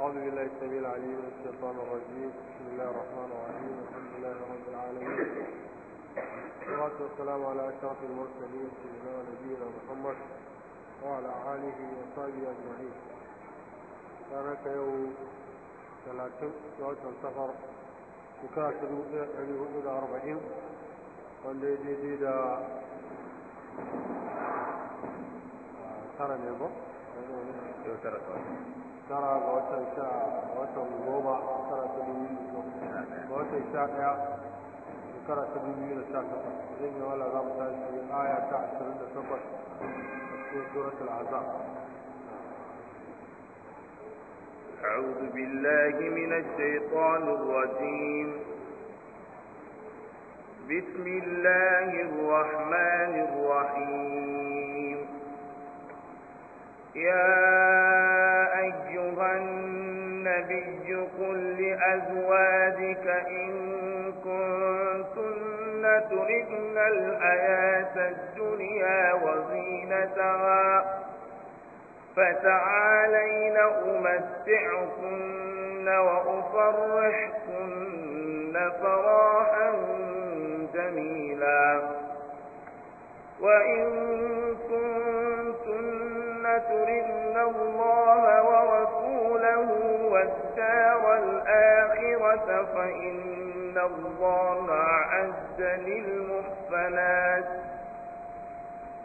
أعوذ بالله السميع العليم من الشيطان الرجيم بسم الله الرحمن الرحيم الحمد لله رب العالمين والصلاة والسلام على أشرف المرسلين سيدنا نبينا محمد وعلى آله وصحبه أجمعين كانت يوم ثلاثين وقت السفر وكاتب يعني إلى أربعين وندي دي دي دا ترى نيبو ترى tara ga watan sha watan goma shekara ta biyu ga watan sha ɗaya shekara ta biyu da sha takwas zan yi wala za mu tashi aya ta ashirin da takwas a cikin suratul azab أعوذ بالله من الشيطان الرجيم بسم الله الرحمن الرحيم يا قل لأزواجك إن كنتن تردن الحياة الدنيا وزينتها فتعالين أمتعكن وأفرحكن فراحا جميلا وإن كنتن تردن الله ورسوله له والدار الآخرة فإن الله أعز للمحسنات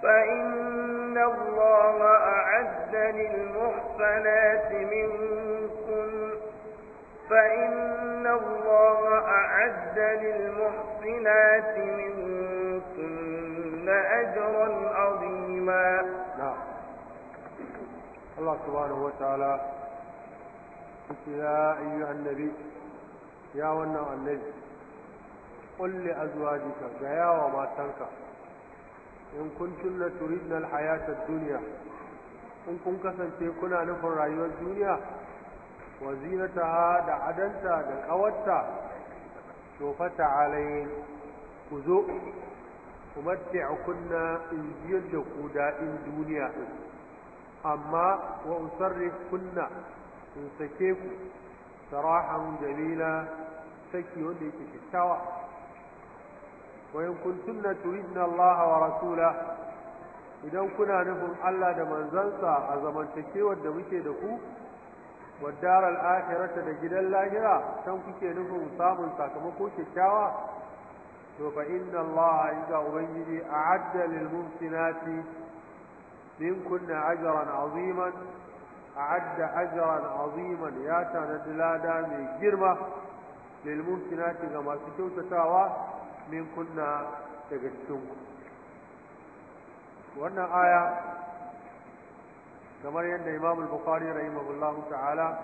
فإن الله أعد للمحسنات منكم فإن الله أعد للمحسنات منكن أجرا عظيما نعم الله سبحانه وتعالى يا أيها النبي يا ونا النبي قل لأزواجك يا وما matanka. in kuntunna turidna alhayata duniya, in kun kasance kuna nufin rayuwar duniya wa zinataha da adanta da ƙawarta to fa ku zo ku matti'ukunna in jiyar da ku daɗin duniya amma wa kunna in sake ku sarahan jamila saki wanda yake kyakkyawa wa in kuntunna turidna Allah wa rasula idan kuna nufin Allah da manzansa a zamantakewar da muke da ku wa daral da gidan lahira san kuke nufin samun sakamako kyakkyawa to fa inna Allah inda ubangiji a'adda lil mumtinati min kunna ajran aziman أعد أجرا عظيما يا تندلادا من جرمة للممكنات كما سكوت تاوى من كنا تجسوم وأن آية كما يند إمام البخاري رحمه الله تعالى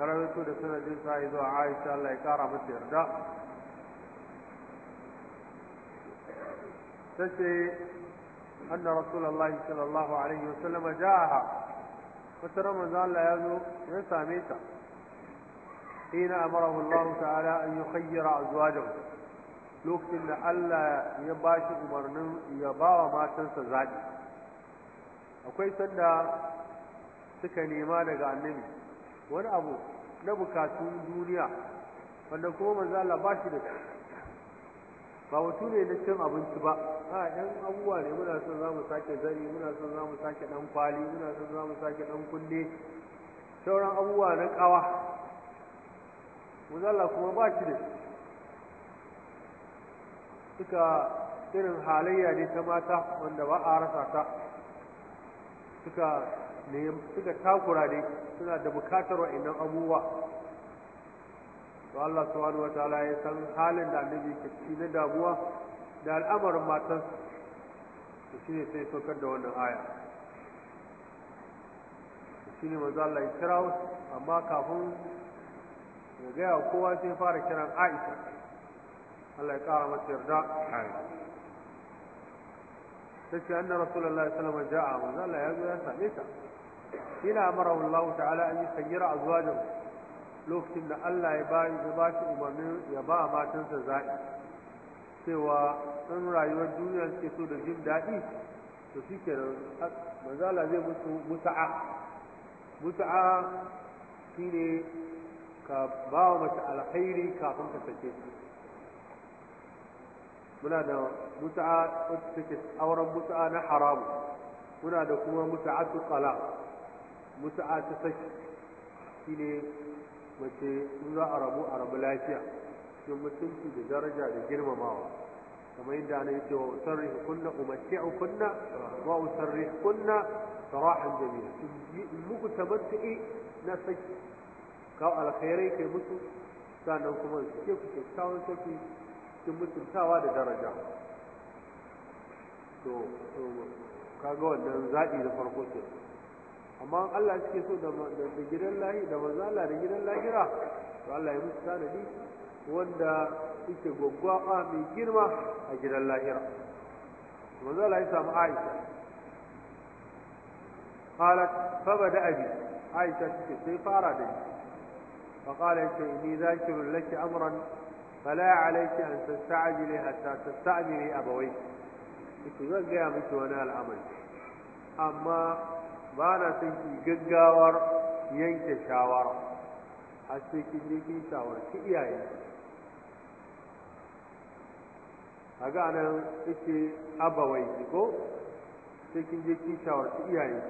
رويته لسنة جنسة إذا عائشة الله يكارى بسير تسي أن رسول الله صلى الله عليه وسلم جاءها wata ramazan Allah ya zo ya same ta hina amarahu Allah ta'ala an yukhayyira azwajahu lokacin da Allah ya ba shi umarnin ya ba wa matansa zaɓi akwai sanda suka nema daga annabi wani abu na bukatun duniya wanda kuma manzo Allah ba shi da ba wato ne na cin abinci ba a 'yan abubuwa ne muna son za mu sake zari muna son za mu sake ɗan kwali muna son za mu sake ɗan kunne sauran abubuwa na ƙawa muzalla kuma ba shi da suka irin halayya ne ta mata wanda ba a rasa ta suka takura ne suna da bukatar wa'annan abubuwa to Allah subhanahu wataala ya san halin da annabi ke ciki na damuwa da al'amarin matan to shine sai saukar da wannan aya shine manzo Allah ya kira amma kafin ya gaya kowa sai fara kiran Aisha Allah ya kara mata yarda tace anna rasulullahi sallallahu alaihi wasallam ja'a manzo Allah ya zo ya same ta ila amara Allah ta'ala an yusayyira azwajahu lokacin da Allah ya bayi ya ba shi umarnin ya ba matansa zaɓi cewa in rayuwar duniya suke so da jin daɗi to shi ke manzala zai mutu musa'a musa'a shi ne ka ba wa mace alkhairi kafin ka sake muna da musa'a wacce take auren musa'a na haramu muna da kuma musa'atu qala musa'a ta saki shi ne mace in za a rabu a rabu lafiya cikin mutunci da daraja da girmamawa kamar yadda ana yi cewa usarri kunna umatti'u kunna wa usarri kunna sarahan jami'a in muku tamattu'i na saki kawo alkhairai kai musu sannan kuma su ke ku kyakkyawan saki cikin mutuntawa da daraja to kaga wannan zaɓi da farko kenan amma Allah suke so da gidan lahi da manzo da gidan lahira to Allah ya musu tanadi wanda suke gwaggwaba mai girma a gidan lahira manzo ya samu Aisha qalat fa bada abi Aisha take sai fara da ni fa qala yace inni zakirun laki amran fala alayki an tasta'jili hatta tasta'jili abawayki yace zan ga miki wani al'amari amma ba na son ki gaggawar yanke shawara har sai kin je kin shawarci iyaye kaga anan yake abawai ko sai kin je kin shawarci iyaye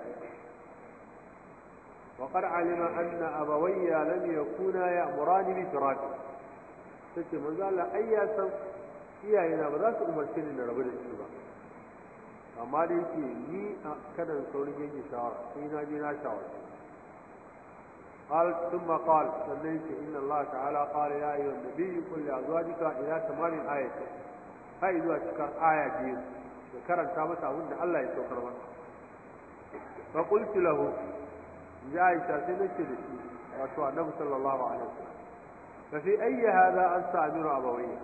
وقد علم أن أبوي لم يكونا يأمران بفراق sai manzo Allah ai ya san iyayena ba za su umarce ni na rabu da shi ba amma da yake ni a kadan saurin yanke shawara sai na je na shawara قال ثم قال سليت إن الله تعالى قال يا أيها النبي قل لأزواجك إلى ثمان آية هاي ذو أشكر آية جيد ذكر أن تامت أهن الله يتوكر من فقلت له جاء إشاسين الشرسي وأتوى النبي صلى الله عليه وسلم ففي أي هذا أنت أمير أبوية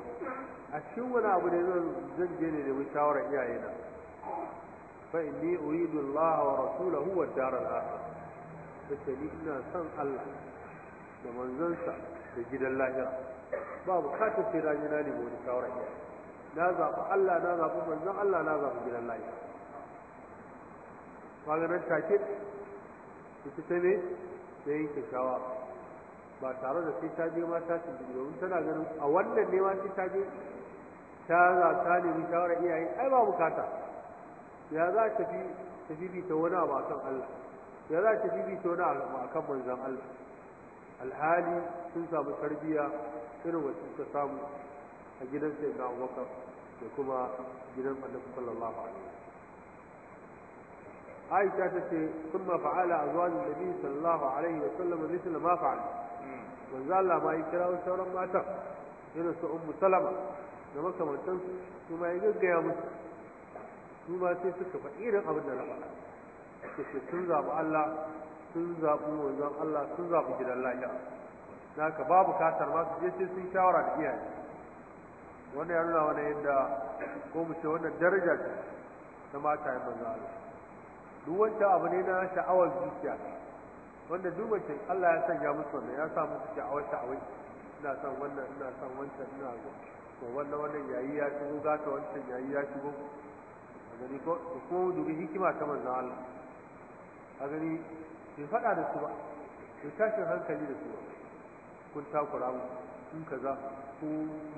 أشونا أبو نيزون زنجيني لوشاور إياهنا fa inni uridu Allah wa rasulahu wa dar al-akhir kace ni ina son Allah da manzansa da gidan lahira ba bukatar sai rani na nemi wani shawara na zaɓi Allah na zaɓi manzon Allah na zaɓi gidan lahira ta ba tare da sai ta je ma ta tuntuɓe domin tana ganin a wannan ne ma sai ta je ta za ta nemi shawarar iyaye ai ba bukata ya za ta fi ta wani a akan Allah ya za ta fifita wani abu akan manzon Allah alhali sun samu tarbiyya irin wasu suka samu a gidan sai ga Abubakar da kuma gidan Annabi sallallahu alaihi wasallam Aisha ta ce kuma fa'ala azwajin Nabi sallallahu alaihi wasallam misal ma fa'al manzo Allah ma ya kira sauran mata irin su Ummu Salama da makamantansu su ma ya gaggaya musu su ba sai suka faɗi irin abin da na faɗa suke sun zaɓi Allah sun zaɓi wanzan Allah sun zaɓi gidan lafiya na ka babu katar ba su je sai sun shawara da iyaye wannan ya nuna wani yadda ko mu ce wannan daraja ce ta mata yin manzo Allah duk wancan abu ne na sha'awar zuciya wanda duk mace Allah ya sanya musu wannan ya sa musu sha'awar sha'awai ina son wannan ina son wancan ina so wannan wannan yayi ya shigo gata wancan yayi ya shigo a gani ko dubi hikima ta manzo Allah a gani bai faɗa da su ba bai tashi hankali da su ba kun takura mu kun kaza ku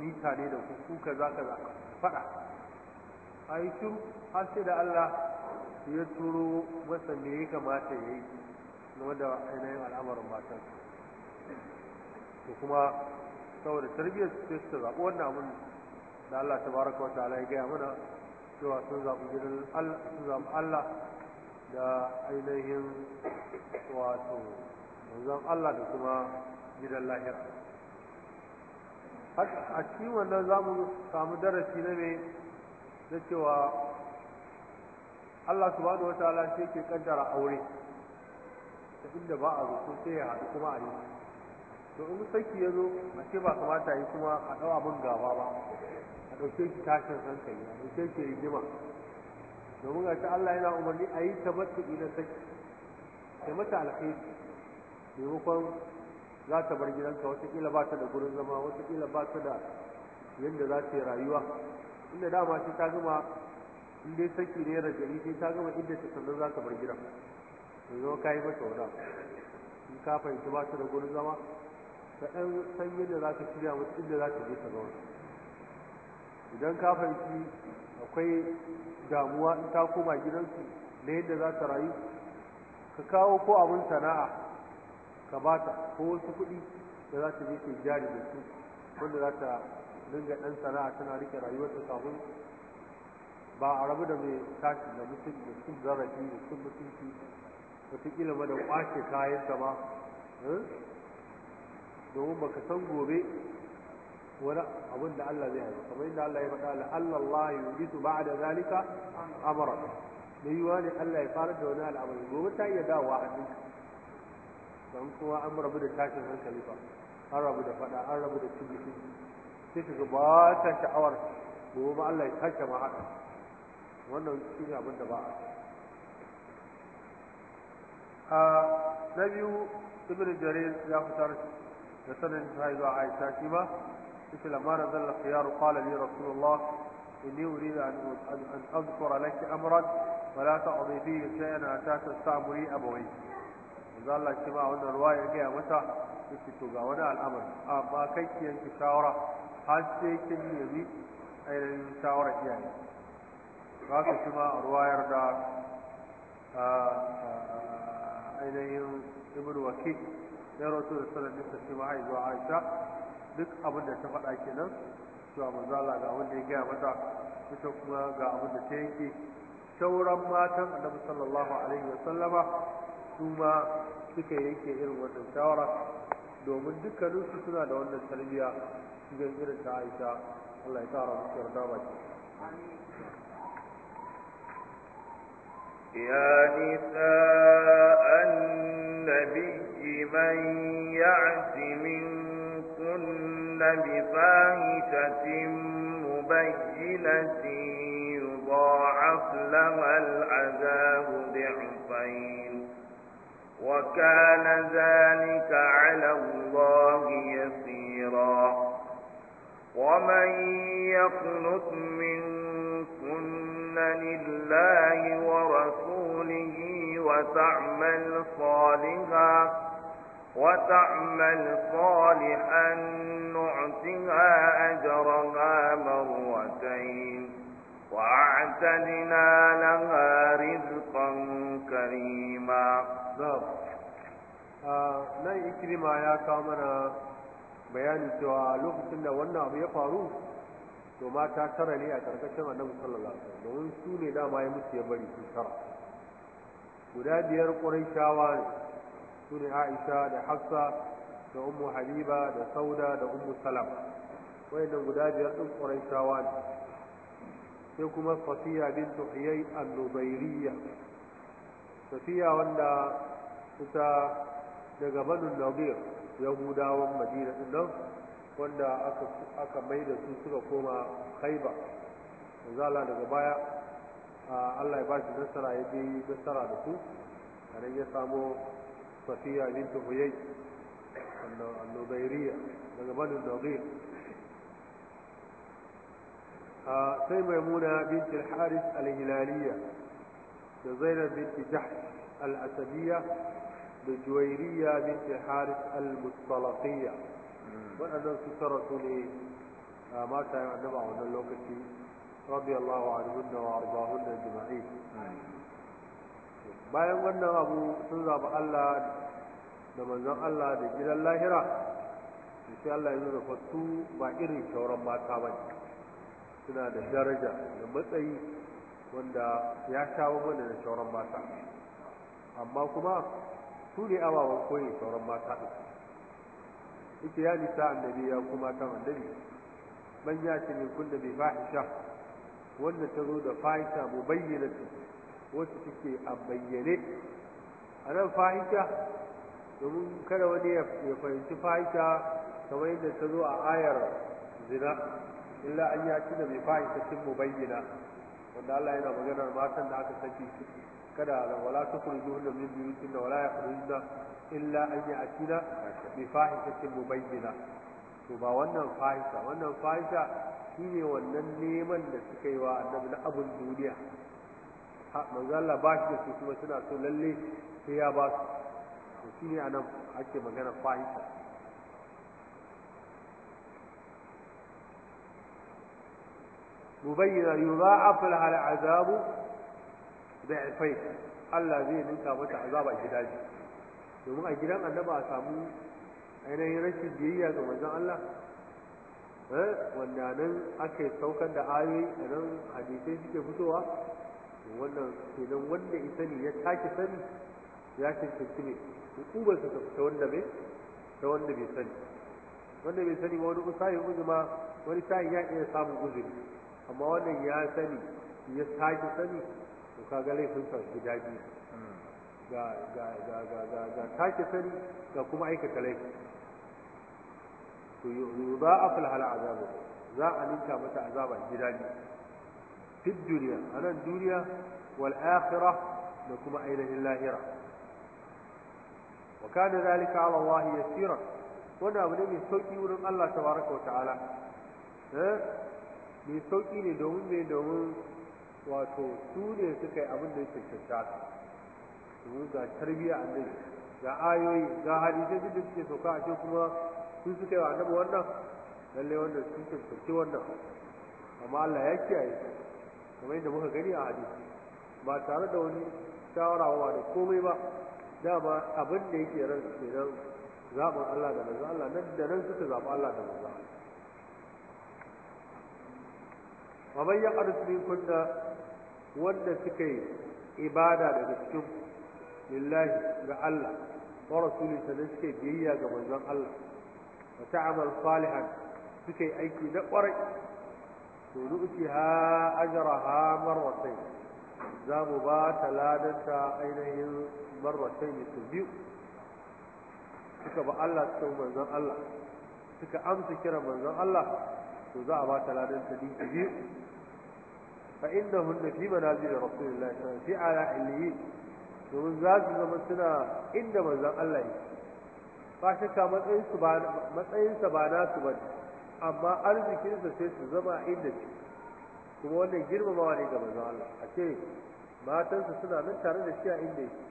nita ne da ku ku kaza kaza faɗa a yi shiru har sai da Allah ya turo masa me ya kamata ya yi game da ainihin al'amarin matan to kuma saboda tarbiyyar su sai su zaɓi wannan abin da Allah ta baraka wa ta'ala ya gaya mana cewa sun zaɓi gidan Allah zaɓi Allah da ainihin wato manzon Allah da kuma gidan lahira a cikin wannan za mu samu darasi na mai na cewa Allah subhanahu wata shi ke kaddara aure ta inda ba a zuku sai ya haɗu kuma a yi to in saki ya zo a ce ba kamata yi kuma a ɗau abin gaba ba a ɗauke shi tashin hankali a ɗauke shi rigima domin a ce Allah yana umarni a yi tabattuki na saki sai mata alkhairi maimakon za ta bar gidanka watakila ba ta da gurin zama watakila ba ta da yadda za ta yi rayuwa inda dama sai ta gama in dai saki ne rajali sai ta gama inda ta sannan za ta bar gidan yanzu ka yi mata wada in ka fahimci ba ta da gurin zama Kaɗan ɗan san yadda za ka shirya wasu inda za ka je ka zauna idan ka fahimci akwai damuwa in ta koma gidansu na yadda za ta rayu ka kawo ko abin sana'a ka bata ko wasu kuɗi da za ta je ta jari da su wanda za ta dinga ɗan sana'a tana rike rayuwarta kafin ba a rabu da mai tashi da mutum da sun zarafi da sun mutunci wataƙila ma da ƙwace kayan ba eh? domin baka san gobe wani abin da Allah zai haifa kamar yadda Allah ya faɗa la Allah ya yi su ba'da zalika amara da yiwa ne Allah ya fara da wani al'amari gobe ta iya dawowa a ɗin don kuma an rabu da tashin hankali ba an rabu da faɗa an rabu da cikin sai ka ba ta sha'awar gobe Allah ya sake ma haka wannan shi ne abin da ba a ah, na biyu ibn jarir ya fitar يسنن فايدو عائشة شما مثل ما نزل الخيار قال لي رسول الله إني أريد أن أن أذكر لك أمرا ولا تقضي فيه شيئا حتى تستعملي أبوي قال الله شما أن الرواية جاء متى تتوقع وناء الأمر أما كيف ينتشاورة حاجتي كمية بي أين ينتشاورة يعني قالت شما الرواية رداء آه، آه، آه، أين ينتشاورة dan da sallallahu alaihi wasallam ya zuwa Aisha duk abin da ta faɗa kenan cewa manzo Allah ga da ya gaya mata ita kuma ga abin da ta yanke sauran matan Annabi sallallahu alaihi sallama, su ma suka yanke irin wannan shawara domin dukkaninsu suna da wannan tarbiyya cikin irin ta Aisha Allah ya kara musu yarda baki يا نساء النبي بمن من منكن بفاهشة مبينة يضاعف لها العذاب ضعفين وكان ذلك على الله يسيرا ومن يقنط منكن لله ورسوله وتعمل صالحا وتعمل صالحا نعطها أجرها مرتين وأعتدنا لها رزقا كريما نعم nan ikirma ya kawo mana bayani cewa lokacin da wannan abu ya faru to mata tara ne a karkashin annabi sallallahu alaihi wasallam domin su ne dama ya mutu ya bari su tara guda biyar ƙurai shawa ne su ne aisha da hafsa da ummu habiba da sauda da ummu salama wayannan guda biyar din quraishawa ne sai kuma safiya bintu huyay an-nubayriyya safiya wanda ita daga banu nadir yahudawan madina din nan wanda aka aka da su suka koma khaiba zala daga baya Allah ya ba shi nasara ya je nasara da su a ya samo صفية بنت هيي النبيرية لقبان النظير آه، سي ميمونة بنت الحارث الهلالية زينب بنت جحش الأسدية بجويرية بنت الحارث المصطلقية وأنا سترة لي إيه؟ آه، ما كان النبع اللوكتي رضي الله عنهن وأرضاهن أجمعين bayan wannan abu sun zaɓi Allah da manzon Allah da gidan lahira sai Allah ya nuna fattu ba irin sauran mata ba suna da daraja da matsayi wanda ya shawo mana da sauran mata amma kuma su ne ababen koyi sauran mata ɗin ita ya nisa annabi ya kuma ta annabi man ya ce min kun da bai fahisha wanda ta zo da fahisha mu bayyana wacce take a bayyane a nan fahisha domin kada wani ya fahimci fahisha kamar yadda ta zo a ayar zina illa an ya ci da mai fahishacin mu bayyana wanda Allah yana maganar matan da aka saki kada da wala tukhruju hunna min buyutin da wala yakhrujna illa an ya'tina bi fahishatin mubayyina to ba wannan fahisha wannan shi ne wannan neman da suka yi wa annabi na abun duniya manzo Allah ba shi da su kuma suna so lalle sai ya ba su to a nan ake magana fahimta mubayyana yudha'af lahal azabu da'ifai Allah zai ninka mata azaba gida ji domin a gidan annaba a samu ainihin rashin biyayya ga manzan Allah eh, wanda nan ake saukar da ayoyi a nan hadisai suke fitowa wannan kenan wanda ya sani ya take sani ya cancanci ne hukumar su ta wanda bai ta wanda bai sani wanda bai sani wani usayi uzuma wani sayin ya iya samun uzuri amma wannan ya sani ya take sani to kaga laifin sa guda biyu ga ga ga ga ga ga take sani ga kuma aikata laifi to yudha'afu al-azab za a ninka mata azaba gida biyu fi duniya a nan duniya wal akhirah da kuma ainihin lahira wa kana zalika ala Allah yasira wannan abu ne mai sauki wurin Allah tabaraka wa ta'ala eh mai ne domin mai domin wato su ne abin da yake cancanta domin ga tarbiyya annabi ga ayoyi ga hadisai duk da kuma sun suka yi wannan lallai wannan sun amma Allah ya kiyaye kamar yadda muka gani a hadisi ba tare da wani shawarawa da komai ba dama abin da yake ran kenan zaɓin Allah da manzo Allah nan da nan suka zaɓi Allah da manzo wa man yaqrus min kunna wanda suka yi ibada daga cikin lillahi ga Allah wa rasuli ta suke biyayya ga manzon Allah wa ta'amal salihan suka aiki na ƙwarai to nu'tiha ajraha marratayn za mu ba ta ladanta ainihin marratayn su biyu suka ba Allah suka manzon Allah suka amsa kiran manzon Allah to za a ba ta ladanta dinki biyu fa innahunna fi manazil rasulillahi sallallahu alaihi wasallam fi ala illiyin domin za su zama suna inda manzon Allah yake ba shakka matsayinsa ba nasu ba ne amma arzikinsa sai su zama inda ce kuma wannan girmamawa ne ga manzo Allah a ce matansa suna nan tare da shi a inda yake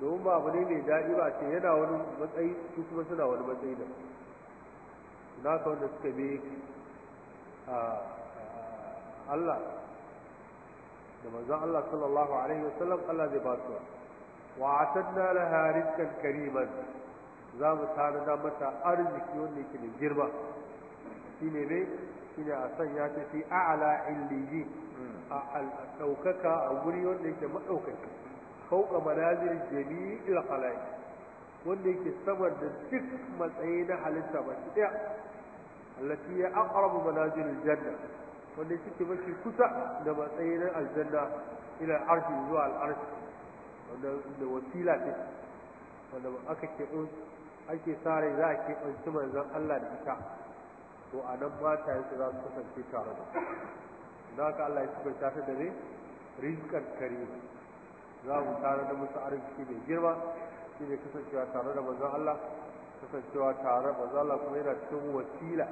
domin ba abu ne mai daɗi ba a ce yana wani matsayi su kuma suna wani matsayi da na ka wanda suka bi Allah da manzo Allah sallallahu alaihi wasallam Allah zai ba su wa atadna laha rizqan kariman za mu tare da mata arziki wanda yake da girma shine ne shine a sanya ta fi a'la illiyi hmm. a daukaka a guri wanda yake madaukaki fauka manazir jami'il khalaiq wanda yake saman da duk matsayi na halitta ba shi daya allati ya aqrabu manazir aljanna wanda suke mafi kusa da matsayi na aljanna ila arshi zuwa al'arshi wanda da wasila ce wanda aka ke ake sare za a ke ɗauki manzon Allah da ita to a nan mata yanzu za su kasance tare da za ka Allah ya bai tafi da ne rizikar karima za mu tare da musu arziki mai girma shi ne kasancewa tare da mazan Allah kasancewa tare mazan Allah kuma yana cikin wasila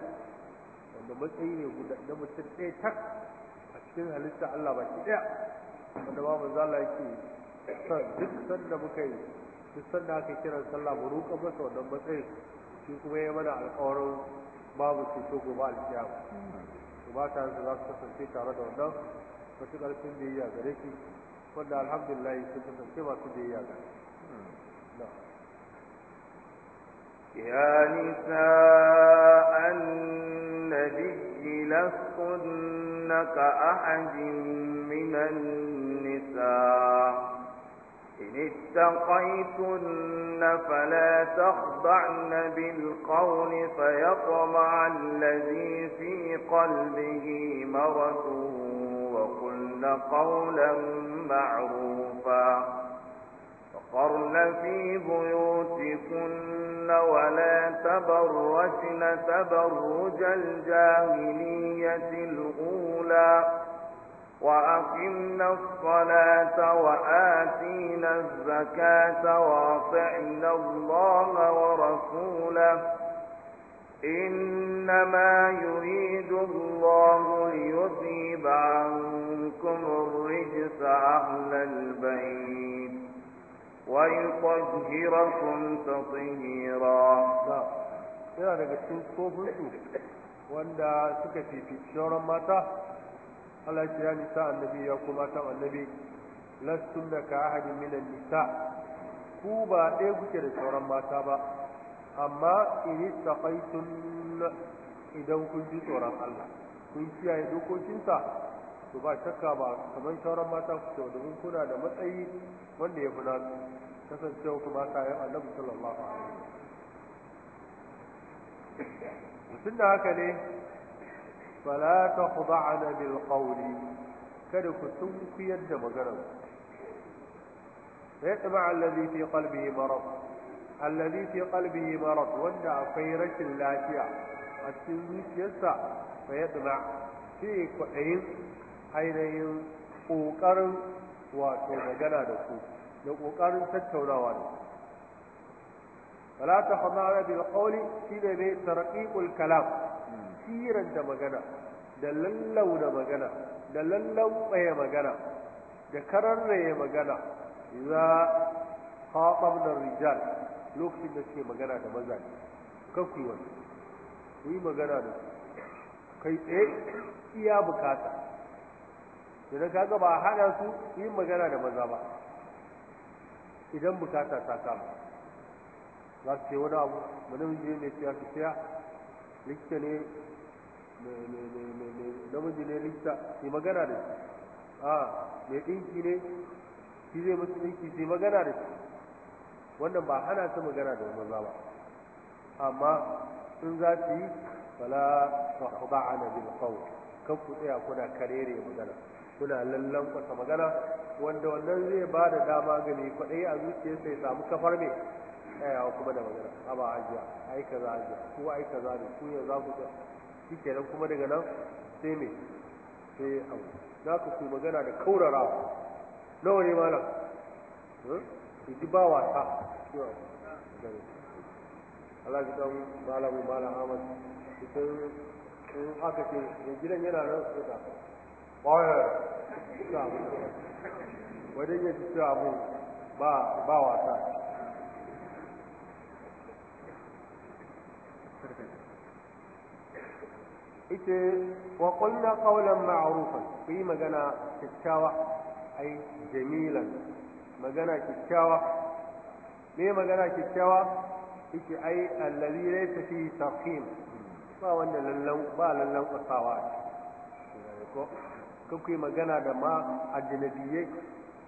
wanda matsayi ne guda na mutum ɗaya tak a cikin halitta Allah ba shi ɗaya wanda ba mazan Allah yake son duk sanda muka yi duk sanda aka kiran sallah mu roƙa masa wannan matsayin shi kuma ya mana alƙawarin babu ceto gobe alkiyama to ba ta da za su kasance tare da wannan matuƙar sun biyayya gare shi wanda alhamdulillah sun kasance masu biyayya gare يا نساء النبي لستن كأحد من النساء إن اتقيتن فلا تخضعن بالقول فيطمع الذي في قلبه مرض وقلن قولا معروفا فقرن في بيوتكن ولا تبرجن تبرج الجاهلية الأولى وأقمنا الصلاة وآتينا الزكاة وأطعنا الله ورسوله إنما يريد الله ليذيب عنكم الرجس أهل البيت ويطهركم تطهيرا yana daga cikin tsofinsu wanda suka fifi sauran mata Allah ya nisa annabi ya kuma ta annabi da ka ahadin minan nisa ku ba ɗaya kuke da sauran mata ba amma in istaqaytun idan kun ji tsoron Allah kun kiyaye dokokinsa to ba shakka ba kamar sauran mata ku ce domin kuna da matsayi wanda ya fi nasu kasancewa kuma ta yi annabi sallallahu alaihi wasallam mutum da haka ne فلا تخضعن بالقول كذلك في يد مقرب يتبع إيه الذي في قلبه مرض الذي في قلبه مرض ودع خيرة اللاتية التنك يسع فيتبع في قعين حين يقوكر وشون جنادك يقوكر ستونا وانا فلا تخضعن بالقول بيت رقيق الكلام da magana da lallauna magana da lallauɓaya magana da kararraye magana za haɓar rijal lokacin da ke magana da mazaje kakwai wani ku yi magana da kai tsaye iya bukata na kaga ba a hana su yin magana da maza ba idan bukata ta kama za su ce wani abu manamiji ne ya siya su siya likita ne namiji ne likita sai magana da shi a mai ɗinki ne shi zai musu ɗinki sai magana da shi wannan ba hana su magana da maza ba amma sun za su yi fala ana bil qawl kan ku tsaya kuna karere magana kuna lallan kwata magana wanda wannan zai ba da dama gani mai a zuciyarsa sai samu kafar mai tsayawa kuma da magana a ba ajiya ai kaza ajiya ko ai kaza ne ku ya za ku shikenan kuma daga nan sai me sai abu za ka ku magana da kaurara nawa ne malam su hmm? ji ba wasa Allah ji kan malamin malam Ahmad cikin in haka ce gidan yana nan su ta ƙwayar su ta wajen yin su abu ba wasa ita wa qulna qawlan ma'rufan ku yi magana kyakkyawa ai jamilan magana kyakkyawa me magana kyakkyawa ita ai allazi laysa fi tafhim ba wanda lallan ba lallan kasawa ko kuka yi magana da ma ajnabiyye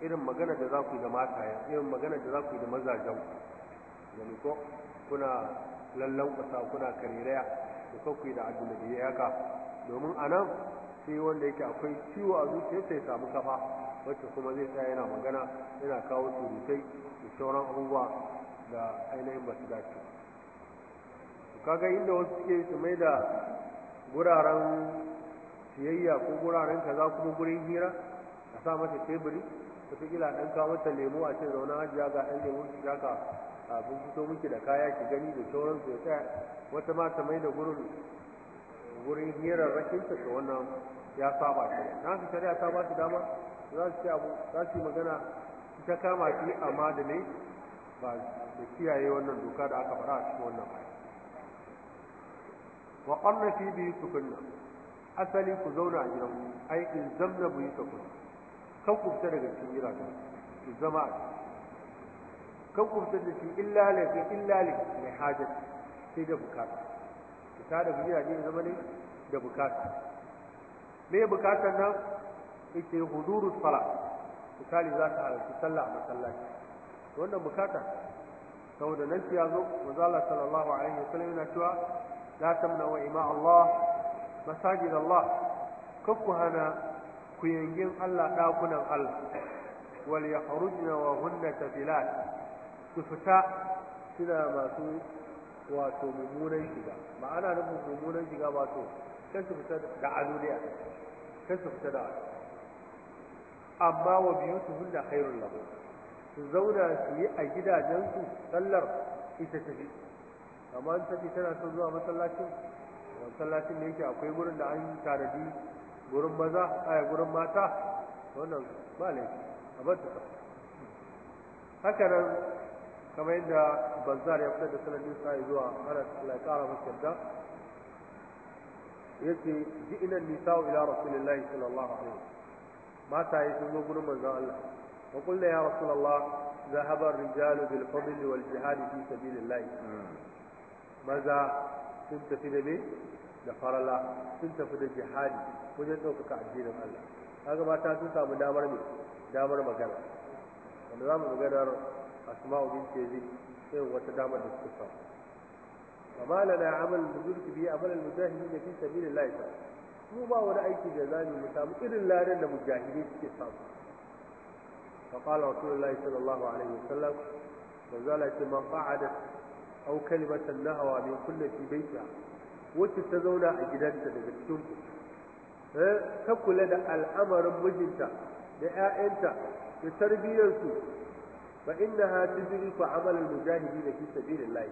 irin magana da za ku yi da matayen irin magana da za ku yi da mazajen ku ko kuna lallan kuna kariraya da sauƙi da abin da ya yaka domin a nan sai wanda yake akwai ciwo a zuciyarsa ya samu kafa wacce kuma zai sa yana magana yana kawo surutai da sauran abubuwa da ainihin ba su dace ba kaga inda wasu suke su mai da guraren siyayya ko guraren kaza kuma gurin hira a sa mata teburi kila ɗan kawo mata lemo a ce zaune hajiya ga ɗan lemo su shaka abin fito miki da kaya ki gani da sauran ya ta wata ma ta mai da gurin gurin hirar rakinta ta wannan ya saba shi na su shari'a ta ba su dama za su ci abu za su yi magana ta kama shi amma da ne ba da kiyaye wannan doka da aka fara a cikin wannan ba. wa qanna fi bi tukunna asali ku zauna a gidan ai in zamna bi tukunna kan ku fita daga cikin gidajen ku zama a cikin kan ku da shi illa lafi illa lafi mai hajar sai da bukata fita da gujira ne zama ne da bukata me bukatar nan ita huduru sala misali za ta halarci sallah a masallaci to wannan bukata da nan ya zo manzo Allah sallallahu alaihi wasallam yana cewa la tamna wa ima Allah masajid Allah kakku hana ku yangin Allah dakunan Allah wal yakhrujna wa hunna tafilat su fita suna masu wato mummunan shiga ma'ana na mummunan shiga wato kan su fita da ado kan su fita da ado amma wa biyu su hunna khairun lahu su zauna su yi a gidajensu sallar ita tafi amma in tafi tana son zuwa masallacin masallacin da yake akwai gurin da an tanadi gurin maza aya eh, gurin mata wannan ba laifi a bar ta haka nan kamar yadda banzar ya fitar da sanadin sa zuwa ana Allah ya kara masa yarda yace ji'ina nisa'u ila rasulillahi sallallahu alaihi Mata mataye sun zo gurin manzon Allah wa qulna ya rasulullah ذهب الرجال بالفضل والجهاد في سبيل الله maza sun tafi da me da farala sun tafi da jihadi wajen ɗaukaka addinin Allah kaga mata sun samu damar ne damar magana wanda za mu maganar asma'u bin yazid sai wata damar da suka samu amma lana amal buzurki bi amal mujahidin fi sabilillah mu ba wani aiki da zamu mu samu irin larin da mujahidi suke samu fa qala rasulullahi sallallahu alaihi wasallam manzo Allah ce man qa'ada aw kalimatan nahawa min kulli fi baitiha wacce ta zauna a gidanta daga cikin ku eh, ta kula da al'amarin mijinta da 'ya'yanta da tarbiyyarsu fa innaha tujri fa da kisa mujahidin fi sabilillah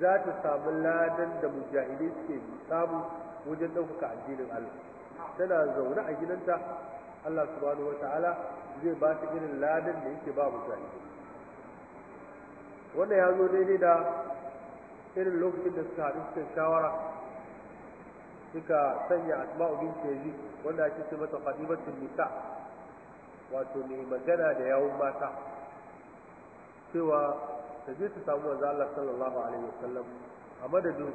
za ta samu ladan da mujahidi suke samu wajen ɗaukaka addinin Allah tana zaune a gidanta Allah subhanahu ta'ala zai ba ta irin ladan da yake ba mujahidai wannan ya zo daidai da irin lokacin da suka haɗu suka shawara suka sanya asma'u bin kezi wanda ake ce mata fadimatul nisa wato mai magana da yawun mata cewa ta je ta samu wanzu Allah sallallahu alaihi wasallam a madadin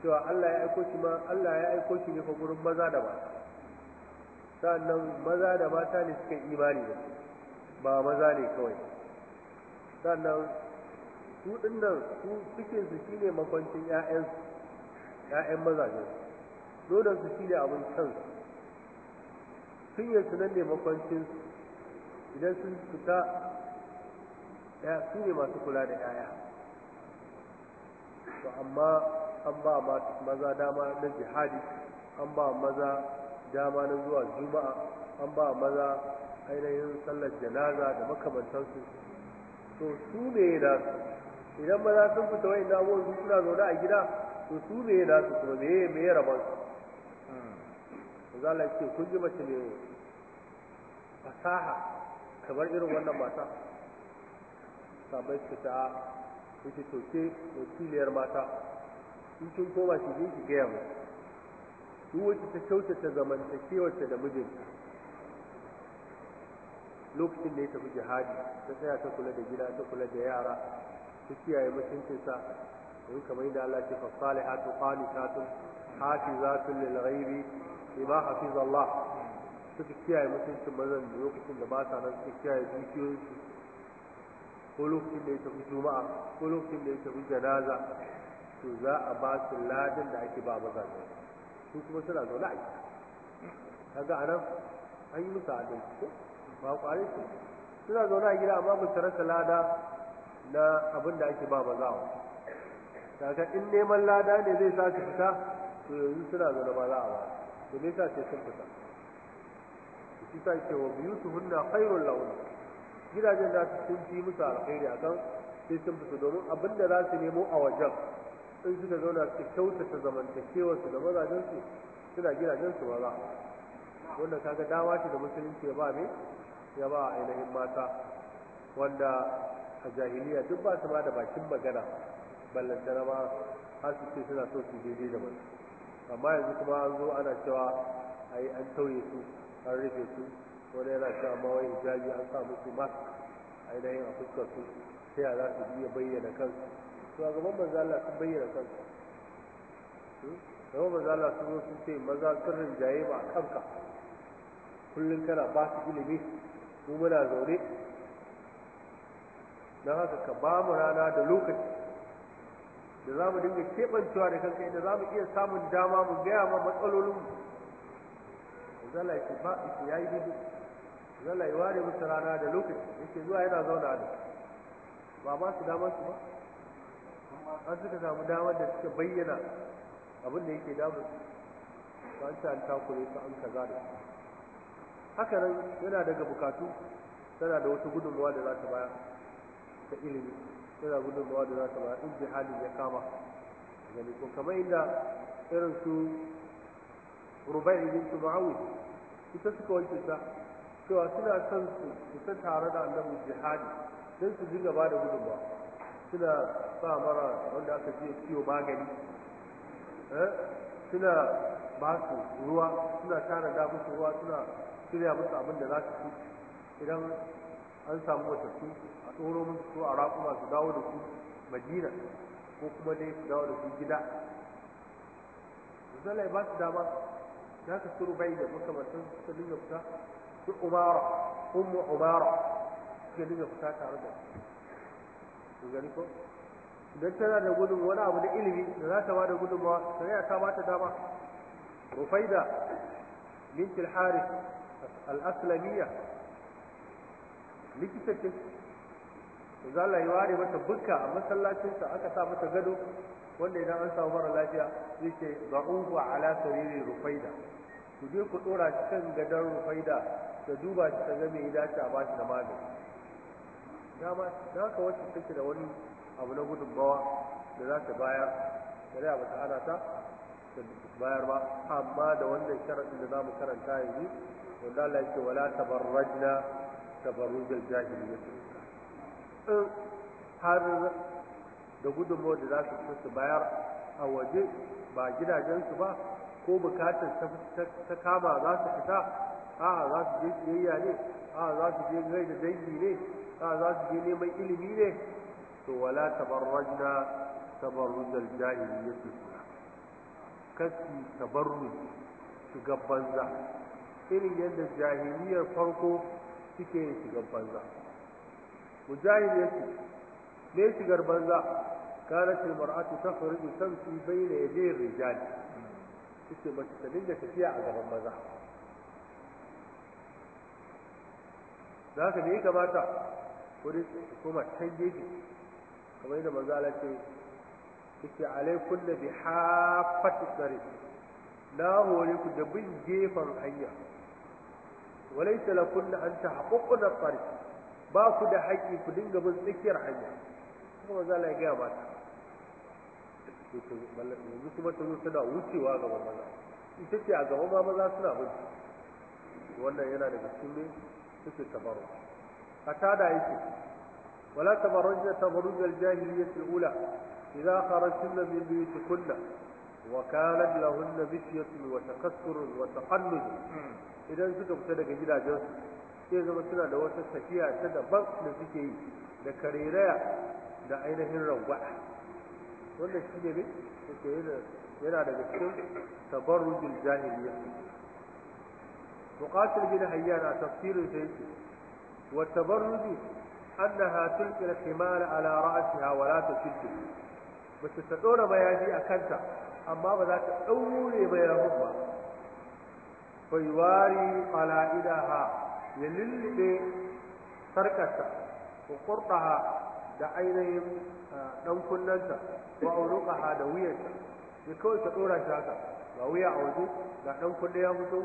cewa Allah ya aiko shi ma Allah ya aiko shi ne fa gurin maza da mata sannan maza da mata ne suka yi imani da ba maza ne kawai sannan su nan su cikin su shine makwancin ƴaƴan ƴaƴan ne, dodon su shine abin can. sun yi sunan ne makwancin idan sun fita su ne masu kula da 'ya'ya to amma an ba maza dama na jihadi an ba maza dama na zuwa juma'a an ba maza ainihin sallar janaza da makamantansu to su ne na idan maza sun fita na abubuwan su suna zaune a gida to su ne na su kuma me me ya rabar su zala ce kun ji mace ne fasaha kamar irin wannan mata sabai suka ce a yake to ke wakiliyar mata in kin koma ki je ki gaya mu duk wacce ta kyautata zamantakewarta da mijinta lokacin da ya tafi jihadi ta tsaya ta kula da gida ta kula da yara ta kiyaye mutuncinsa in kamar yadda Allah ce fasali hatu qanitatun hafizatun lil ghaibi bima hafiz Allah suka kiyaye mutuncin mazan lokacin da ba sa nan suka kiyaye dukiyoyinsu ko lokacin da ya tafi juma'a ko lokacin da ya tafi janaza to za a ba su ladan da ake ba maza mazaje su kuma suna zaune a gida kaga anan an yi musu adalci ko ba kwarin su suna zaune a gida amma ba su rasa lada na abin da ake ba maza mazawa kaga in neman lada ne zai sa su fita to yanzu suna zaune ba za a ba to me yasa sai sun fita shi sa ce wa biyutuhunna khairul lahunna gidajen da sun fi musu alkhairi a kan sai sun fito domin abin da za su nemo a wajen in suka zauna su kyautata su da mazajensu suna gidajensu ba za wannan kaga dama shi da musulunci ya ba me ya ba ainihin mata wanda a jahiliya duk ba su ma da bakin magana ballantana ma har su ce suna so su daidai da mace amma yanzu kuma an zo ana cewa ai an tauye su an rufe su wani yana sha ma wani hijabi an sa musu mask ainihin a fuskar su sai a za su iya bayyana kansu to a gaban manzo Allah sun bayyana kansu hmm? gaban manzo Allah sun sun ce maza sun rinjaye ba a kanka kullum kana ba su ilimi mu muna zaune don haka ka ba mu rana da lokaci da za mu dinga keɓancewa da kanka inda za mu iya samun dama mu gaya ma matsalolinmu zala yake ba yake yayi dubu zala yi ware musu rana da lokaci yake zuwa yana zauna da ba ba su damar su ba an suka samu damar da suka bayyana abin da yake damar su an ta an takure su an kaza da su haka nan yana daga bukatu tana da wata gudunmawa da za ta baya ta ilimi tana gudunmawa da za ta baya in jihadin ya kama gani ko kamar inda irin su rubai su muawiz ita suka wanke ta cewa suna son su tare da annabi jihadi don su dinga ba da gudunmawa suna sa mara wanda aka ce ciwo magani eh, suna ba su ruwa suna tara da musu ruwa suna shirya musu abin da za su ci idan an samu matattu a tsoro musu ko a raƙuma su dawo da su madina ko kuma dai su dawo da su gida zalai ba su dama Za ka sun da سور su مكة سليم يفتح في عمارة أم عمارة سليم يفتح تعرضها وقالكم idan tana da gudun wani abu da ilimi da za ta bada gudunmawa shari'a ta bata dama rufaida bint al-harith al-aslamiyya likita ce zalla ya ware mata bukka a masallacinsa aka sa mata gado wanda idan an samu mara lafiya yake ba'uhu ala sariri rufaida ku je ku dora shi kan gadon rufaida ta duba shi ta game ya dace a ba shi da magani dama da ka wacce take da wani abu na gudun bawa da za ta bayar shari'a ba ta hana ta ta bayar ba amma da wanda sharaɗin da zamu karanta yanzu wanda Allah yake wala tabarrajna tabarrujal jahiliyyah har da gudunmawar da za su fito su bayar a waje ba gidajensu ba ko bukatar ta kama za su fita a za su je siyayya ne a za su je gai da dangi ne a za su je neman ilimi ne to wala tabarrajna ya fi kula kasi tabarruj shiga banza irin yadda jahiliyar farko suke shiga banza mujahid yace me shigar banza kanat almar'atu takhruju tamshi bayna yaday ar-rijal ita mace ta dinga tafiya a gaban maza za ka ne kamata wurin kuma can gefe kamar yadda maza ala ce take alaikun da bi hafati tsare na hore ku da bin gefen hanya walai talakun da an ta haƙuƙunan fari ba ku da haƙƙi ku dinga bin tsakiyar hanya kuma maza ya gaya mata yanzu kuma ta zo suna wucewa gaba maza ita ce a gaba ma maza suna binci wannan yana daga cikin ne suke tabarau a tada yake wala tabarrujna tabarruj al-jahiliyyah al-ula idza kharajna min buyutikunna wa kanat lahunna bisyatun wa takassurun wa taqannud idan suka fita daga gidajensu sai zama suna da wata tafiya ta daban da suke yi da karerea da ainihin rangwada wannan shi ne yake yana daga cikin tabarrujul jahiliya muqatil bin hayyan a tafsirin sa yake wa tabarruju annaha tulqi al-himala ala ra'siha wa la tashuddu bata ta dora bayani a kanta amma ba za ta daure bayanin ba bai wari ala idaha ya lullube sarkarta ko qurtaha da ainihin dan ah, kunnanta wa uruqaha da wuyanta ne kawai ta ɗora shi haka ga wuya a waje ga ɗan kunne ya fito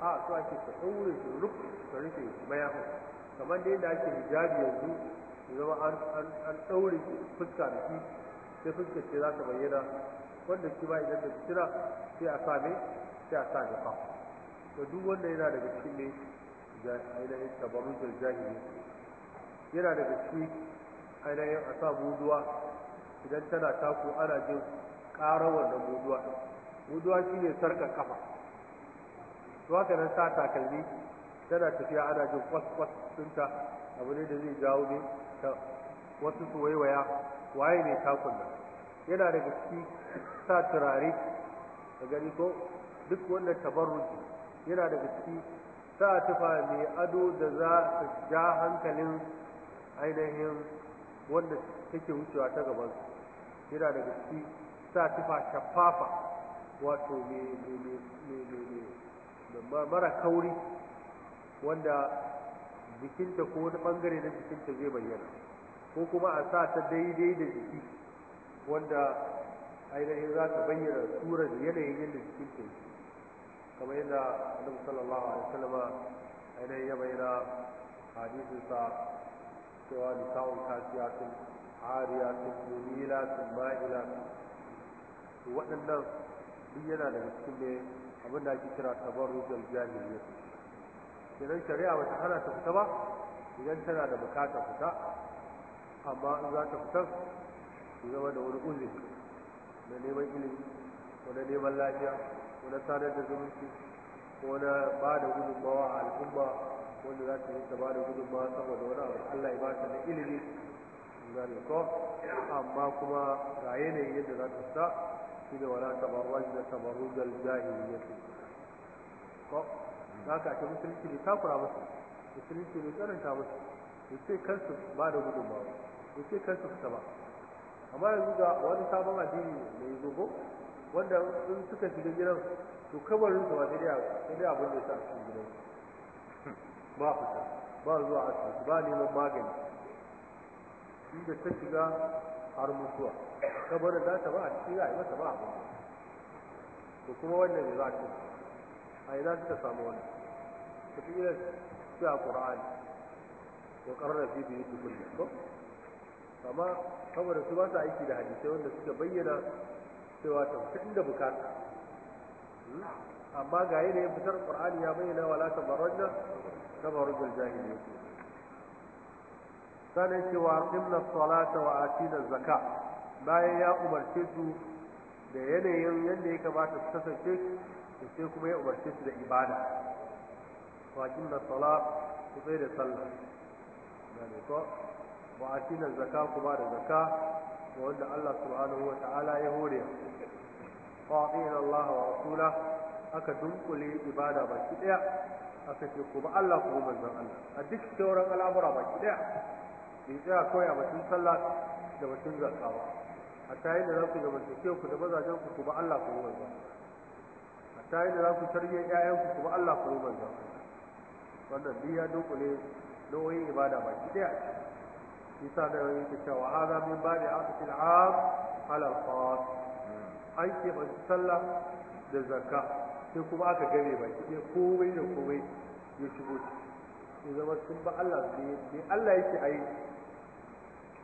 a so ake ta daure su rufe ta rufe mayafin kamar da yadda ake hijabi yanzu zama an ɗaure fuska da shi sai fuskar ce za ta bayyana wanda shi ba idan da kira sai a same sai a same fa to duk wanda yana daga cikin ne ainihin tabarun jahili yana daga cikin ainihin a sa buduwa idan tana taku ana jin ƙarar wannan buduwa buduwa shi ne sarka kafa to haka nan sa takalmi tana tafiya ana jin kwas-kwas ɗinta abu ne da zai jawo ne ta wasu su waiwaya waye ne takun nan yana daga ciki sa turare a gani ko duk wannan tabarruki yana daga ciki sa tufa mai ado da za ta ja hankalin ainihin wanda take wucewa ta gaban su yana daga ciki sa tufa shafafa wato mara kauri wanda jikinta ko wani bangare na jikinta zai bayyana ko kuma a sa ta daidai da jiki wanda ainihin za ta bayyana turar yanayin yadda jikinta yake kamar yadda annabi sallallahu alaihi wasallama ainihin ya bayyana hadisinsa cewa nisa'un kasiyatun ariyatun mumilatun ma'ilatun sun. waɗannan duk yana daga cikin ne abin da ake kira tabarrujal jahiliya kenan shari'a ba ta hana ta fita ba idan tana da bukata fita amma in za ta fita su zama da wani uzuri na neman ilimi ko na neman lafiya ko na sadar da zumunci ko na ba da gudunmawa a al'umma wanda za ta yi ta da gudunma saboda wani abu Allah ya ta da ilimi gane ko amma kuma ga yanayin yadda za ta sa shi da wala tabarwa da tabarrujal jahiliyyati ko za ka ce musulunci ne takura musu musulunci ne tsananta musu ya ce kansu ba da gudunma, ya ce kansu fita ba amma yanzu ga wani sabon addini mai zogo wanda in suka shiga gidan to kabarin su ba sai dai abin da ya sa a cikin gidan ba fita ba zuwa asibiti ba neman magani shi da ta shiga har mutuwa kabarin za ta ba a cikin rayuwa masa ba a to kuma wannan ne za ta a yi za ta samu wani ta fi iya ci a ƙura'ani ko ƙarar fi da su kulle ko amma saboda su ba su aiki da hadisai wanda suka bayyana cewa ta fita inda bukata hmm? amma ga yanayin fitar ƙur'ani ya bayyana wala tabarrajna tabarruj al-jahiliya sanin cewa qimna salata wa atina zakat bayan ya umarce su da yanayin yadda ya kamata su kasance to sai kuma ya umarce su da ibada wa qimna salat ku tsaye da sallah ne ko wa atina zakat kuma da zakat wanda Allah subhanahu wa ya hore qa'ina Allah wa rasula aka dunkule ibada baki ɗaya. aka ce ko ba Allah ko manzon Allah a duk sauran al'amura ba baki daya bai tsaya kawai a batun sallah da batun zakka ba a ta da za ku zamantake ku da mazajen ku ba Allah ko manzon a ta da za ku tarbiyyar ƴaƴan ku ba Allah ko manzon wannan biya dukule nauyin ibada ba ki daya Isa da yake cewa hada min ba'di a 'am ala al-khas ai ke ban sallah da zakka sai kuma aka gane ba sai komai da komai ya shigo ya zama sun ba Allah su sai Allah yake ayi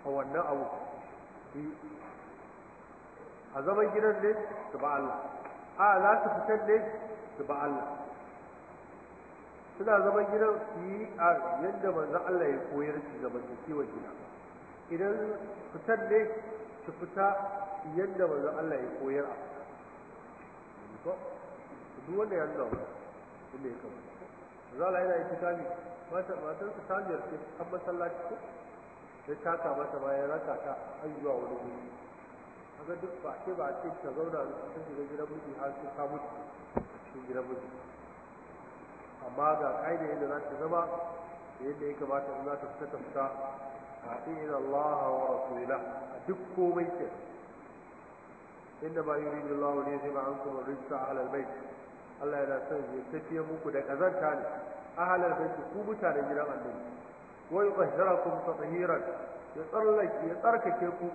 a wannan abu a zaman gidan ne su ba Allah a za su fitar ne su ba Allah suna zaman gidan su yi a yadda manzan Allah ya koyar su zaman kiwon gida idan fitar ne su fita yadda manzan Allah ya koyar a duk wanda ya nuna inda ya kama zala yana yi kitami matar ta taniyar ce an masallaci ko ya taka mata bayan raka ta an zuwa wani wuri haka duk ba ce ba ce ta zauna da cikin shiga gidan miji har sai ta mutu cikin gidan miji amma ga ƙa'ida yadda za ta zama da yadda ya kamata in za ta fita ta fita أطيعنا الله ورسوله أدكوا ميتا إنما يريد الله ليذهب عنكم الرجس على البيت Allah yana son ya tafiye muku da kazanta ne ahalar baiti ku mutanen gidan annabi kun yutahhirakum tathiran ya tsallake ya tsarkake ku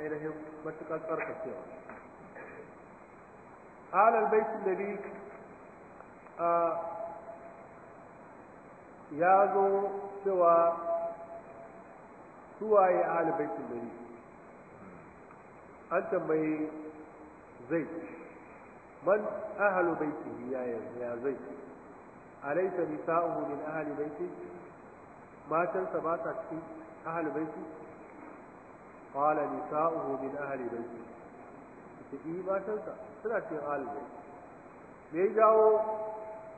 ainihin matuƙar tsarkakewa ahalar baitin nabi ya zo cewa suwaye ahalar baitin ni. an tambayi zai man ahalu baitihi ya ya zai alaysa nisa'uhu min ahli baiti matansa ba ta cikin ahli baiti qala nisa'uhu min ahli baiti ta yi matansa suna cikin ahli baiti me ya jawo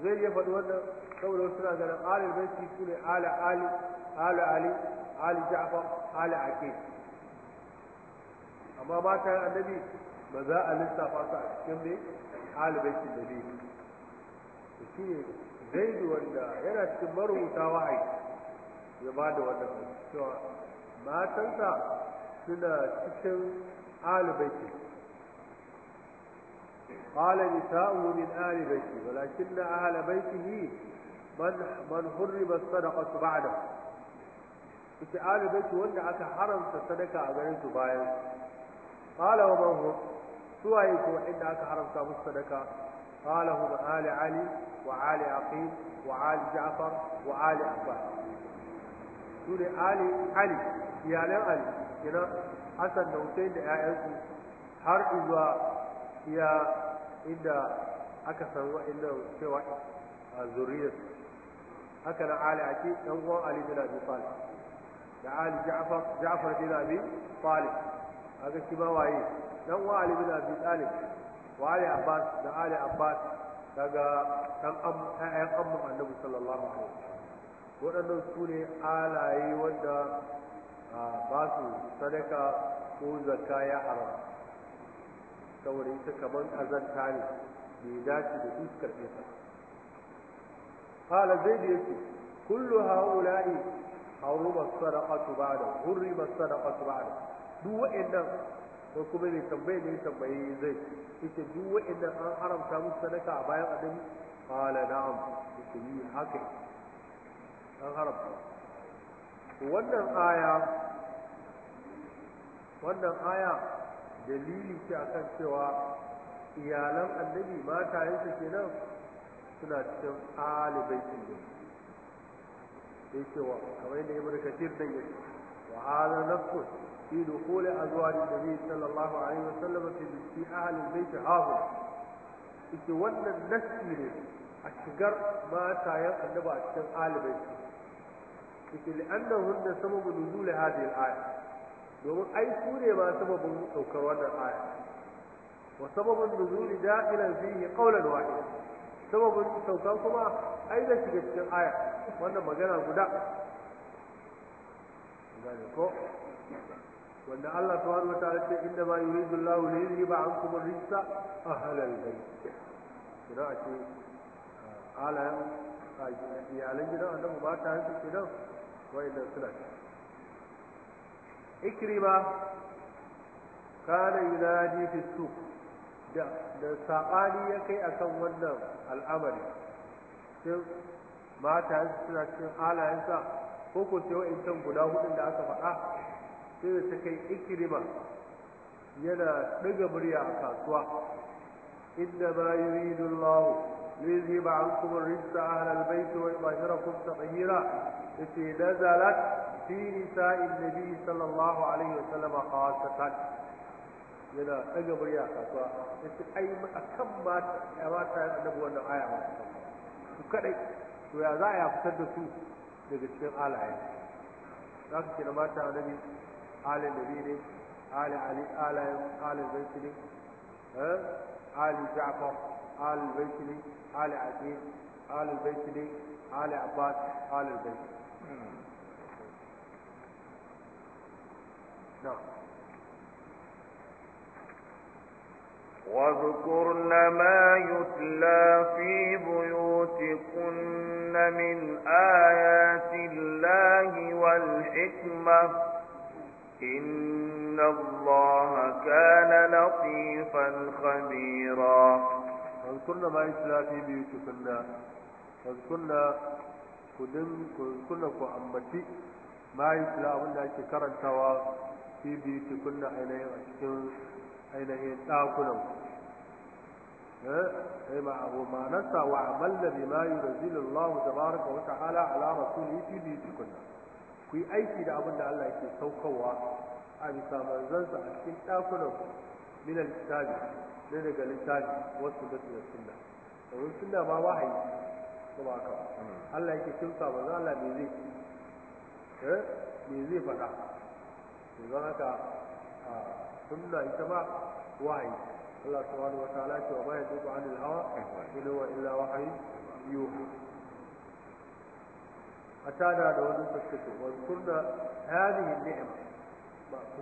zai iya faɗi wannan saboda suna ganin ahli baiti sune ala ali ala ali ali ja'far ala aqil amma matan annabi ba za a lissafa آل بيت النبي وشي زيد ولا يلا تمر وتواعي يبعد ولا شو ما تنسى سنة تشن آل بيت قال نساء من آل بيتي ولكن أهل بيته من من حرم الصدقة بعده في آل بيت وانت أتحرم الصدقة أغنيت بايا قال ومن هم suwaye ko inda aka haramta musu sadaka qala hum ali ali wa ali aqil wa ali ja'far wa ali abbas sune ali ali iyalan ali kina hasan da husain da ƴaƴansu har zuwa iya inda aka san wa'annan cewa zuriyar haka na ali ake ɗan uwan ali bin abi talib da ali ja'far ja'far bin abi talib haka shi ba waye dan wa ali bin abi talib wa ali abbas da ali abbas daga dan am ayyan amman annabi sallallahu alaihi wasallam waɗannan su ne alaye wanda ba su sadaka ko zakka ya haram saboda ita kaman kazanta ne bai dace da iskar ɗinsa قال زيد يسي كل هؤلاء حرم الصدقة بعد حرم الصدقة بعد دو إنه ko kuma mai tambaye ne tambaye zai yace duk wa'annan an haramta musu sadaka a bayan adami qala na'am yace ni haka an haramta wannan aya wannan aya dalili ce akan cewa iyalan annabi matayensa kenan suna cikin alibaitin ne Sai cewa kamar yadda ibnu kathir dan yake wa hadha nafsu في دخول أزواج النبي صلى الله عليه وسلم في أهل البيت هاهم ita wannan nasi ne a shigar matayen annaba a cikin alibai ita li'annahun da sama bu nuzula hadhihi al-aya domin ai su ne ma sababin saukar wannan aya wa sababin nuzuli da'ilan fihi qawlan wahida sababin saukar kuma ai zai shiga cikin aya wannan magana guda wanda Allah ta subhanahu wataala ce inda ma yuridu Allah li yuzhiba ankum ar-rijsa ahla al-bayt kira ce ah, alayan ah, iyalan gidan annabi ba ta hanci gidan wa'inda suna ikrima kana yunadi fi suq da da sabani ya kai akan wannan al'amari sai mata suna cikin halayensa ko ko sai wa'incan guda hudun da aka faɗa sai da ta kai ikirima yana ɗaga murya a kasuwa inda ma yuridu Allah yuzhiba ankum ar-rijsa ahla al-bayt wa da ce yace nazalat fi nisa'in nabi sallallahu alaihi wa sallam khassatan yana ɗaga murya a kasuwa ce ai a akan mata ya mata ya annabi wannan aya ba su kadai to ya za a fitar da su daga cikin alaye za su ce da mata nabi آل النبي آل علي آل آل البيت ها آل جعفر آل البيت آل عزيز آل البيت آل عباس آل البيت نعم واذكرن ما يتلى في بيوتكن من آيات الله والحكمة إن الله كان لطيفا خبيرا واذكرن ما يتلى في بيوتكن واذكرن كدن كنا كأمتي ما يتلى أولا كرن توا في بيوتكن أينين أين أينين تاكلوا أي ما هو ما نسى وعمل بما ينزل الله تبارك وتعالى على رسوله في بيوتكن ku yi aiki da abin da Allah yake saukowa a bisa manzansa a cikin ɗakunan min al-kitabi ne daga littafi wasu da su sunna domin sunna ma wahayi ko ba haka hmm. Allah yake kimsa manzo Allah me zai eh me zai faɗa to zan haka sunna ita ma wahayi Allah subhanahu wa ta'ala ce wa ma yanzu anil hawa in huwa illa wahyi yuha a tada ba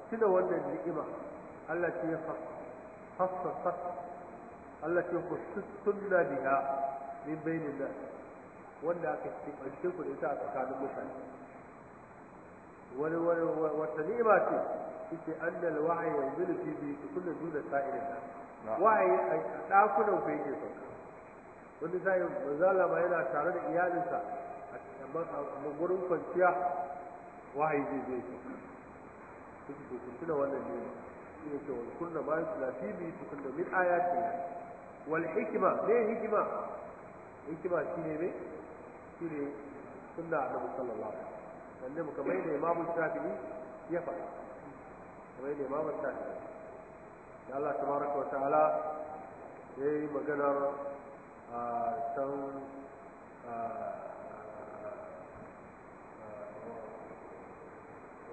ku wannan ni'ima Allah ce ya fassasa Allah ce ku sunna biha min bainin nas wanda aka ce ɓarshe ku a tsakanin mutane wani wani wata ni'ima ce ita annal wa'ayi yanzu da fi duna a ɗakunan yana tare da iyalinsa amma gurin kwanciya wahayi zai zai ce suke to kun tuna wannan ne shi ne ce wani kunna ba su lafi bi su kunna min ayatin wal hikima ne hikima hikima shi ne ne shi ne sunna annabi sallallahu alaihi wasallam wanda muka mai da imamu shafi'i ya faɗa kamar da imamu shafi'i Ya Allah tabaraka wa ta'ala yayi maganar a ah, can ah,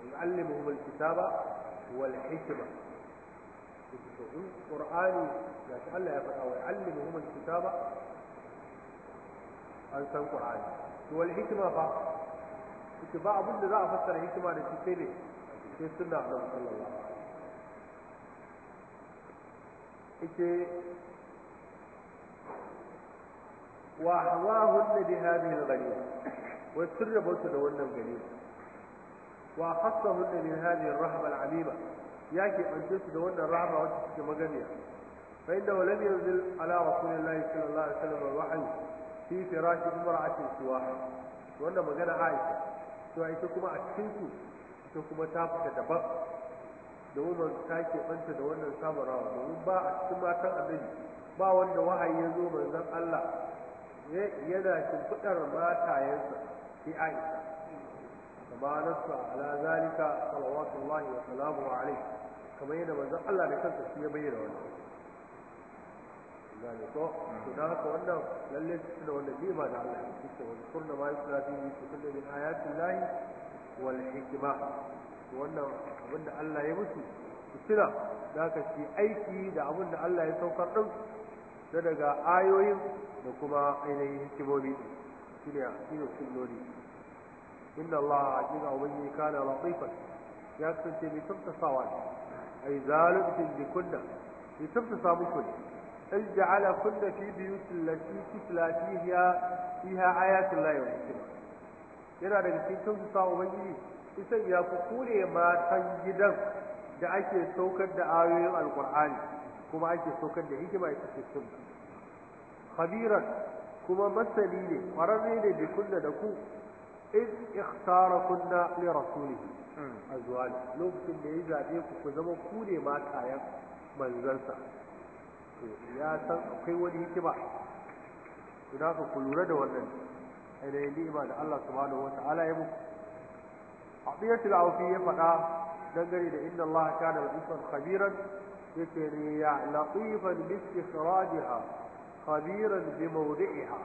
ويعلمهم الكتابة والحكمة يقول قرآني لا تعالى فتاة ويعلمهم الكتابة أن سن هو والحكمة فقط اتباع بند ذا أفسر الحكمة لتسيني في السنة عبد صلى الله عليه وسلم ite بهذه hawahun wai sun rabauta da wannan ganima wa hassahu da min hadhihi ar-rahma al-amima ya ke bance su da wannan rahama wacce take maganiya fa inda walam yanzil ala rasulillahi sallallahu alaihi wasallam wahyi fi firashi imra'atin suwa wannan magana Aisha to ita kuma a cikin ita kuma ta fita daban ba ta ke banta da wannan domin ba a cikin matan ba wanda wahayi ya zo Allah yana shimfiɗar matayensa في عائشة فما نص على ذلك صلوات الله وسلامه عليه كما ينبغي الله لكنت في بينه gane ko don haka wannan lalle su da wannan nima da Allah ya ce wani kurna ma yusra fi su kullu min ayati llahi wal hikma wannan abinda Allah ya mutu su tuna da aiki da abinda Allah ya saukar din da daga ayoyin da kuma ainihin hikimomi shine shine sunnoni inna Allah ajina ubangi kana latifan ya kasance mai tafsasawa ne yi zalimin bi kunna mai tafsasa muku In ai ja'ala kunna fi biyu biyutil lati tutla ya fiha ayatul lahi wa hikma yana daga cikin tafsasa ubangiji isa ya ku kure matan gidan da ake saukar da ayoyin alqur'ani kuma ake saukar da hikima ita ce sunna khabiran kuma masani ne kwararre ne bi kunna da ku in ikhtara kunna li rasulihi hmm. azwaj lokacin da ya zabe ku ku zama ku ne ma kayan manzansa to ya san akwai wani hikima to da ku lura da wannan ainihin ni'ima da Allah subhanahu ta'ala ya muku abiyatul awfi ya faɗa dangane da inna Allah kana latifan khabiran yake ne ya latifan bi istikhrajha khabiran bi mawdi'iha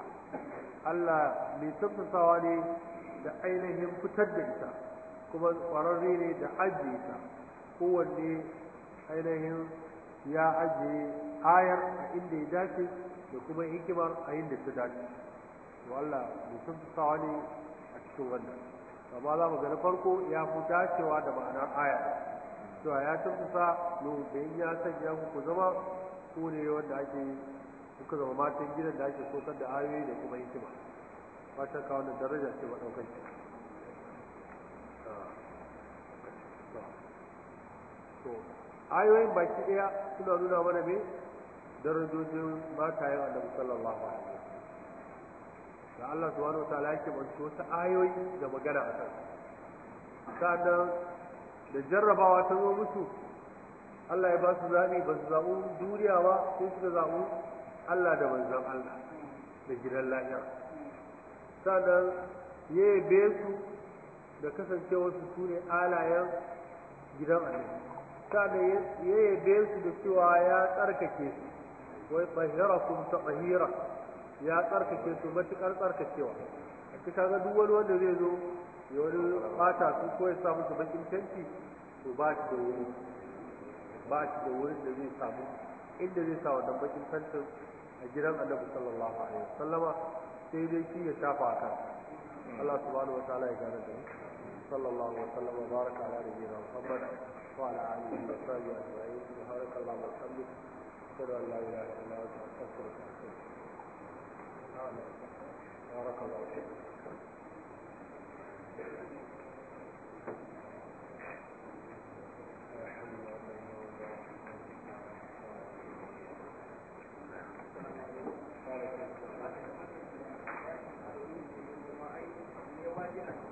Allah mai tafsasawa ne da ainihin fitar da ita kuma kwararre ne da ajiye ta kowanne ainihin ya ajiye ayar a inda ya dace da kuma hikimar a inda ta dace to Allah mai tafsasawa ne a cikin wannan amma za mu ga na farko ya fi dacewa da ma'anar ayar cewa ya tafasa lokacin ya sanya ku zama ko ne wanda ake suka zama matan gidan da ake sokar da ayoyi da kuma hikima ta kawo da daraja ce maɗaukaki to ayoyin baki ɗaya suna nuna mana me darajojin matayen annabi sallallahu alaihi da Allah subhanahu wataala yake bantu wasu ayoyi da magana a kan sannan da jarrabawa ta zo musu Allah ya ba su zaɓi ba su zaɓi duniya ba sai suka zaɓi Allah da manzon Allah da gidan lahira sannan ya yabe su da kasancewarsu su ne alayen gidan annabi sannan ya yabe su da cewa ya tsarkake su wai tsahirakum tsahira ya tsarkake su matukar tsarkakewa a cikin ga duk wani wanda zai zo ya wani bata su ko ya sa musu bakin tanti to ba shi da wuri ba shi da wurin da zai samu inda zai sa wannan bakin tantin a gidan annabi sallallahu alaihi wasallama sai dai shi ya shafa a kan Allah subhanahu wa ta'ala ya gane da sallallahu alaihi wasallam wa baraka ala nabiyyina Muhammad wa ala alihi wa sahbihi ajma'in subhanallahi walhamdulillah ashhadu an la ilaha illa anta astaghfiruka wa atubu ilaik بارك الله فيك Thank you. Thank you.